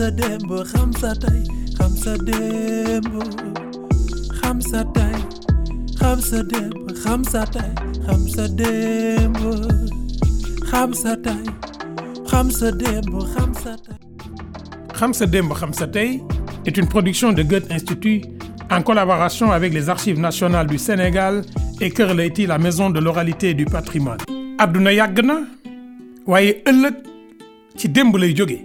sa démb xam sa tey xam sa tey xam production de Goethe Institut en collaboration avec les Archives nationales du Sénégal et Kër Leyti la maison de l'oralité et du patrimoine. àdduna yàgg na waaye ci démb lay jóge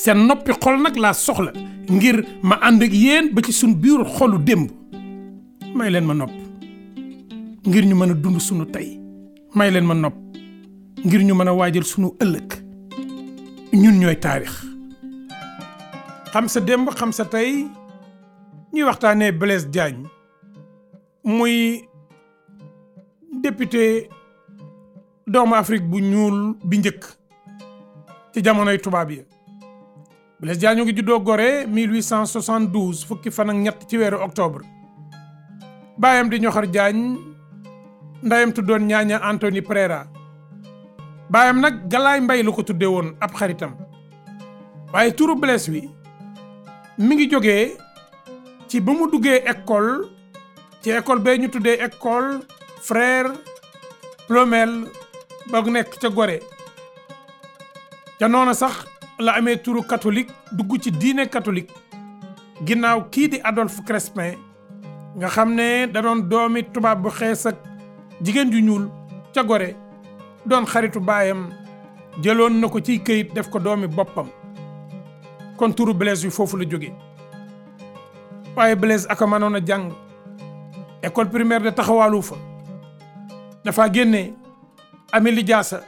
seen noppi xol nag laa soxla ngir ma ànd ak yéen ba ci suñ biir xolu démb may leen ma nopp ngir ñu mën a dund sunu tey may leen ma nopp ngir ñu mën a waajal sunu ëllëg ñun ñooy taarix. xam sa démb xam sa tey ñuy waxtaanee Blaise Diagne muy député doomu Afrique bu ñuul bi njëkk ci jamonoy tubaab yi. Blaise Diagne ngi juddoo Gorée 1872 fukki fan ak ñett ci weeru octobre baayam di Ñoxor Diagne ndayam tuddoon ñaaña Anthony Prera baayam nag Galaay Mbay lu ko tuddee woon ab xaritam waaye turu Blaise wi mi ngi jóge ci ba mu duggee école ci école bee ñu tuddee école frère Plomel ba nekk ca Gorée ca noona sax la amee turu katolik dugg ci diine katolik ginnaaw kii di Adolphe Crespin nga xam ne da doon doomi tubaab bu xees ak jigéen ju ñuul ca gore doon xaritu baayam jëloon na ko ci këyit def ko doomi boppam kon turu Blaise yu foofu la jóge waaye Blaise aka mënoon a jàng école primaire de taxawaalu fa dafa génne ami lijaasa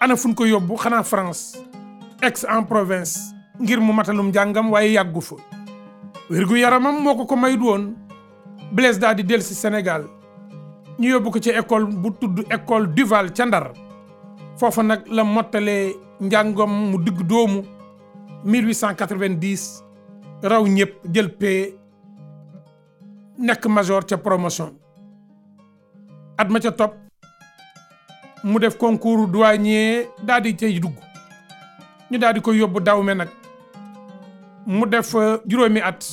ana fuñ ko yóbbu xanaa France ex en province ngir mu matalum njàngam waaye yàggu fa wérgu yaramam moo ko ko mayut woon Blaise daal di dellu si Sénégal ñu yóbbu ko ci école bu tudd école Duval ca Ndar foofa nag la mottalee njàngam mu digg doomu 1890 raw ñëpp jël pee nekk major ca promotion at ma ca topp mu def concours douanier daal di cay dugg ñu daal di koy yóbbu Dahomey nag mu def juróomi at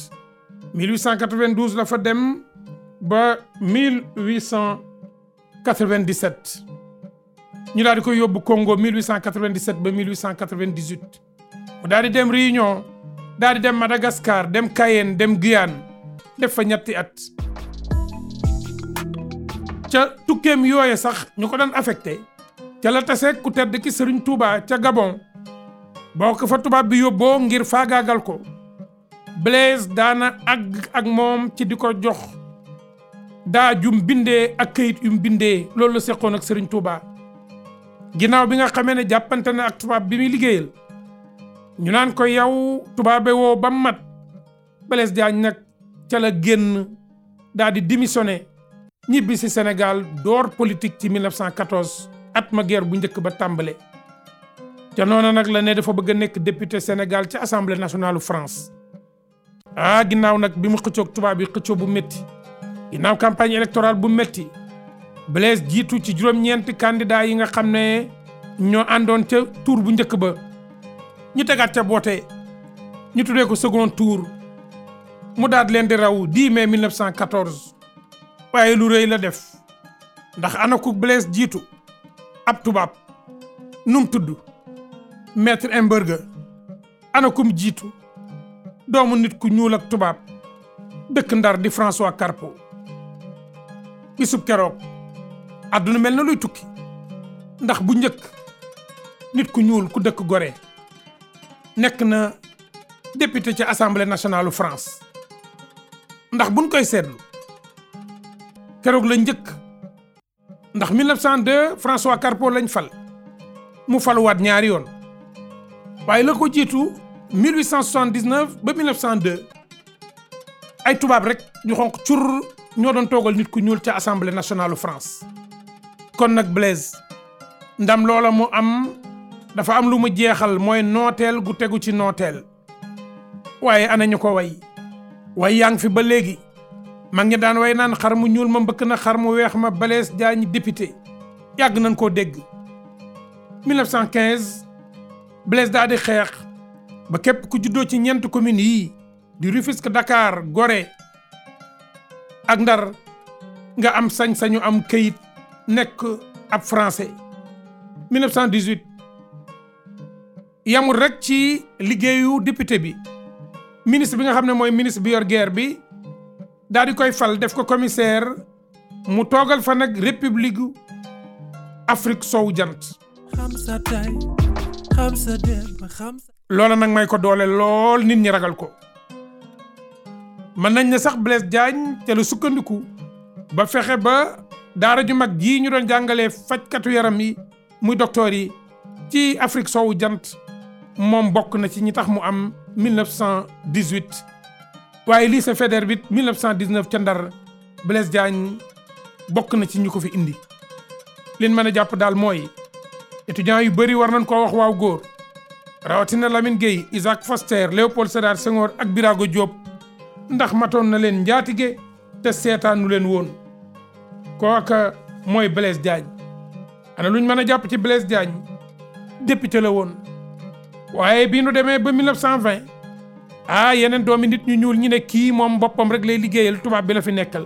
1892 la fa dem ba 1897 ñu daal di koy yóbbu Congo 1897 ba 1898 mu daal di dem Réunion daal di dem Madagascar dem Cayenne dem Guyane def fa ñetti at ca tukkeem yooye sax ñu ko daan affecté ca la taseeg ku tedd ki Serigne Touba ca Gabon boo ko fa tubaab bi yóbboo ngir faagaagal ko Blaise daana àgg ak moom ci di ko jox daa jum bindee ak këyit yum bindee loolu la seqoon ak Serigne Touba ginnaaw bi nga xamee ne jàppante na ak tubaab bi muy liggéeyal ñu naan ko yow tubaabe ba mat Blaise Diagne nag cala la génn daa di démissionné ñibbi si senegaal door politique ci 1914 at ma bu njëkk ba tàmbale. te noonu nag la ne dafa bëgg a nekk député Sénégal ci assemblée nationale France. ah ginnaaw nag bi mu xëccoog tubaab yi xëccoo bu metti ginnaaw campagne électorale bu métti Blaise jiitu ci juróom-ñeenti candidat yi nga xam ne ñoo àndoon ca tour bu njëkk ba ñu tegaat ca boote ñu tuddee ko second tour mu daat leen di raw 10 mai 1914 waaye lu rëy la def ndax ana ku Blaise jiitu ab tubaab num tudd. maître hamburger ana kum jiitu doomu nit ku ñuul ak tubaab dëkk ndar di François Carpo bisub keroog àdduna mel na luy tukki ndax bu njëkk nit ku ñuul ku dëkk Gorée nekk na député ci assemblée nationale France ndax buñ koy seetlu keroog la njëkk ndax 1902 François Carpo lañ fal mu faluwaat ñaari yoon waaye la ko jiitu 1879 ba 1902 ay tubaab rek ñu xonq cur ñoo doon toogal nit ku ñuul ca assemblée nationale France. kon nag Blaise ndam loola mu am dafa am lu mu jeexal mooy nooteel gu tegu ci nooteel waaye ana ko way way yaa ngi fi ba léegi man ngi daan way naan xar mu ñuul ma mbëkk na xar mu weex ma Blaise Diagne député yàgg nañ koo dégg 1915. Blaise daa di xeex ba képp ku juddoo ci ñeent communes yi di Rufisque Dakar gore ak Ndar nga am sañ-sañu am kayit nekk ab français 1918 yamul rek ci liggéeyu député bi ministre bi nga xam ne mooy ministre bi yor bi daal di koy fal def ko commissaire mu toogal fa nag république Afrique sowu jant loola nag may ko doole lool nit ñi ragal ko mën nañ ne sax Blaise jaañ te lu sukkandiku ba fexe ba daara ju mag jii ñu doon jàngalee fajkatu yaram yi muy docteur yi ci Afrique soowu jant moom bokk na ci ñi tax mu am 1918 waaye lycée Faidherbe bi 1919 ca Ndar Blaise Diagne bokk na ci ñu ko fi indi. liñ mën a jàpp daal mooy étudiants yu bëri war nañ koo wax waaw góor rawatina Lamine Gueye Isaac Foster Léopold Sédar Senghor ak biraago Diop ndax matoon na leen njaatige te seetaanu leen woon kooka mooy jaañ a ana luñ mën a jàpp ci Blaise jaañ député la woon waaye bii nu demee ba 1920 ah yeneen doomi nit ñu ñuul ñi ne kii moom boppam rek lay liggéeyal tubaab bi la fi nekkal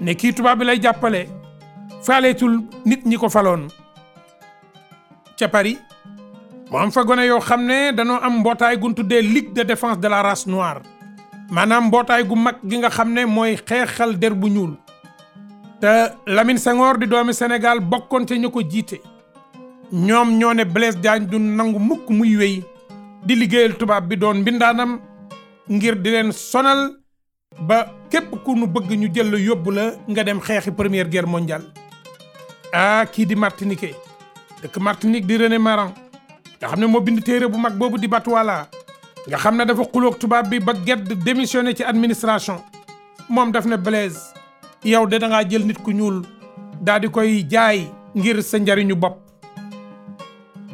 ne kii tubaab bi lay jàppale faaleetul nit ñi ko faloon ca Paris mu am fa gone yoo xam ne danoo am mbootaay guntu ñu tuddee Ligue de défense de la race noire maanaam mbootaay gu mag gi nga xam ne mooy xeexal der bu ñuul te Lamine Senghor di doomi Sénégal bokkoon ca ñu ko jiite ñoom ñoo ne Blaise Diagne du nangu mukk muy wéy di liggéeyal tubaab bi doon mbindaanam ngir di leen sonal ba képp ku nu bëgg ñu jël la yóbbu la nga dem xeexi première guerre mondiale ah kii di Martinique dëkk Martinique di René Maran nga xam ne moo bind téere bu mag boobu di Batouala nga xam ne dafa xulook tubaab bi ba gedd démissionné ci administration moom daf ne Blaise yow de da ngaa jël nit ku ñuul daa di koy jaay ngir sa njariñu bopp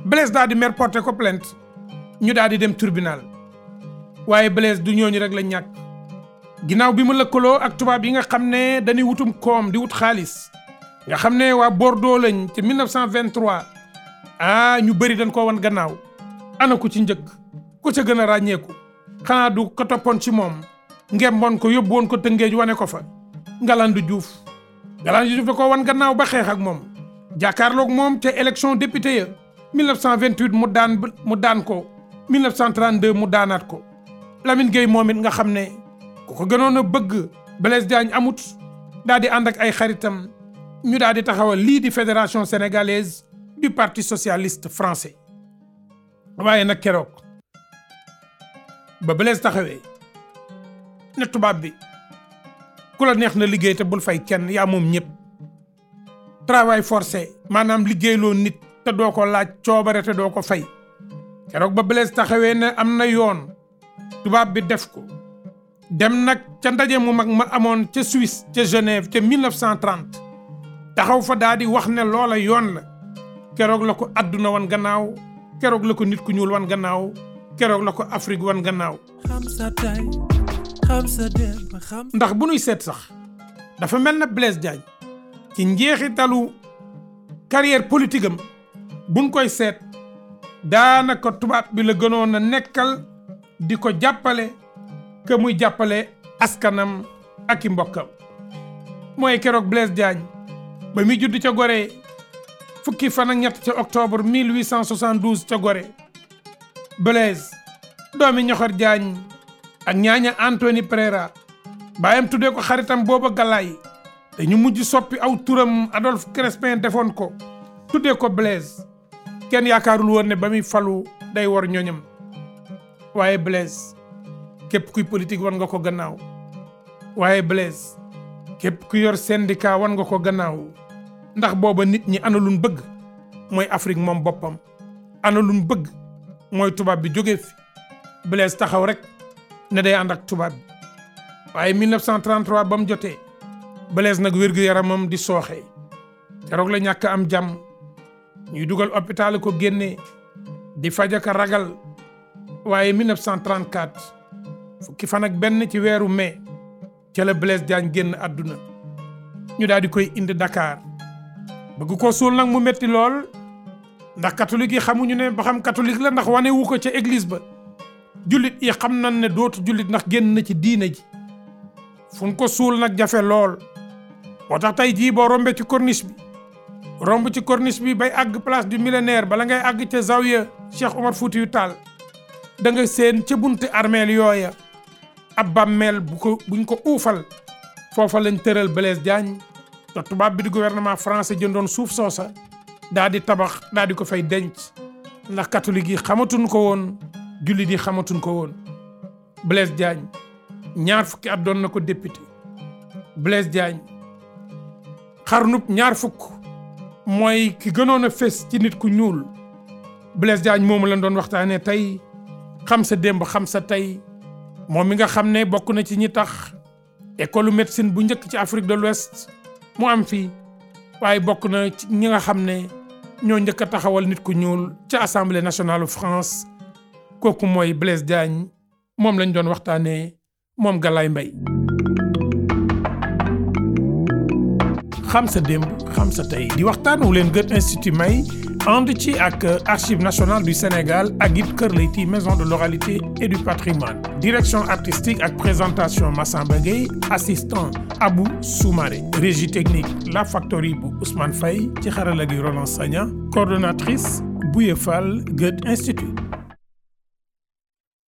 Blaise daa di mer porté ko plainte ñu daa di dem tribunal waaye Blaise du ñooñu rek la ñàkk ginnaaw bi mu lëkkaloo ak tubaab yi nga xam ne dañuy wutum koom di wut xaalis nga xam ne waa Bordeaux lañ ci 1923 ah ñu bëri dañ ko wan gannaaw ana ku ci njëkk ku ca gën a ràññeeku xanaa du ko toppoon ci moom ngemboon ko yóbbu woon ko tëngeej wane ko fa Ngalandou Diouf Ngalandou Diouf da ko wan gannaaw ba xeex ak moom jàkkaarloog moom ca élection député ya 1928 mu daan mu daan ko 1932 mu daanaat ko lamin Gueye moom it nga xam ne ku ko gënoon a bëgg Blaise Diagne amut daal di ànd ak ay xaritam ñu daal di taxawal lii di fédération sénégalaise du parti socialiste français waaye nag keroog ba Blaise taxawee ne tubaab bi ku la neex na liggéey te bul fay kenn yaa moom ñëpp travail forcé maanaam liggéeyloo nit te doo ko laaj coobare te doo ko fay keroog ba Blaise taxawee ne am na yoon tubaab bi def ko dem nag ca ndaje mu mag ma amoon ca Suisse ca Genève ca 1930 taxaw fa daa wax ne loola yoon la keroog la ko adduna wan gannaaw keroog la ko nit ku ñuul wan gannaaw keroog la ko afrig wan gannaaw. ndax bu nuy seet sax dafa mel na Blaise Diagne ci talu carrière politique am buñ koy seet daanaka tubaat bi la gënoon a nekkal di ko jàppale que muy jàppale askanam ak i mbokkam mooy keroog Blaise jaaj ba muy judd ca gore fukki fan ak ñett ca octobre 1872 ca Gorée Blaise doomi ñoxor jaañ ak ñaaña Anthony Pereira baayam tuddee ko xaritam booba Galaay te ñu mujj soppi aw turam Adolphe Crespin defoon ko tuddee ko Blaise kenn yaakaarul woon ne ba muy falu day war ñoñam waaye Blaise képp kuy politique wan nga ko gannaaw waaye Blaise képp ku yor syndicat wan nga ko gannaaw ndax booba nit ñi ana luñ bëgg mooy Afrique moom boppam ana bëgg mooy tubaab bi jóge fi Blaise taxaw rek na day ànd ak tubaab waaye 1933 ba mu jotee Blaise nag wér-gu-yaramam di sooxee keroog la ñàkk am jàmm ñuy dugal hôpital ko génnee di faj ak ragal waaye 1934 fukki fan ak benn ci weeru mai ca la Blaise Diagne génn àdduna ñu daal di koy indi dakaar bëgg ko suul nag mu metti lool ndax catholique yi xamuñu ne ba xam catholique la ndax wane wu ko ca église ba jullit yi xam nañ ne dootu jullit ndax génn na ci diina ji fun ko suul nag jafe lool moo tax tey jii boo rombe ci corniche bi romb ci corniche bi bay àgg place du millénaire bala ngay àgg ca zawiya Cheikh Omar Foutiyou Tall da nga ca bunt armeel yooya ab bàmmeel bu ko buñ ko uufal foofa lañ tëral Blaise Diagne te tubaab bi di gouvernement français jëndoon suuf soosa daa di tabax daa di ko fay denc ndax catholique yi xamatuñ ko woon jullit yi xamatuñ ko woon Blaise jaañ ñaar fukki at doon na ko député Blaise Diagne xarnub ñaar fukk mooy ki gënoon a fés ci nit ku ñuul Blaise Diagne moomu lañ doon waxtaanee tey xam sa démb xam sa tey moom mi nga xam ne bokk na ci ñi tax école médecine bu njëkk ci Afrique de l'Ouest mu am fi waaye bokk na ci ñi nga xam ne ñoo njëkk a taxawal nit ku ñuul ca assemblée nationale France kooku mooy Blaise Diagne moom lañ doon waxtaanee moom galay mbay xam sa sa tey di waxtaan wu leen Goethe Institut may ànd ci ak archives national du Sénégal ak it Kër Leyti maison de l'oralité et du patrimoine direction artistique ak présentation Massamba Gueye assistant Abou Soumaré régie technique la factorie bu Ousmane Faye ci xarala gi Roland Sagna coordonnatrice Bouye Fall Institut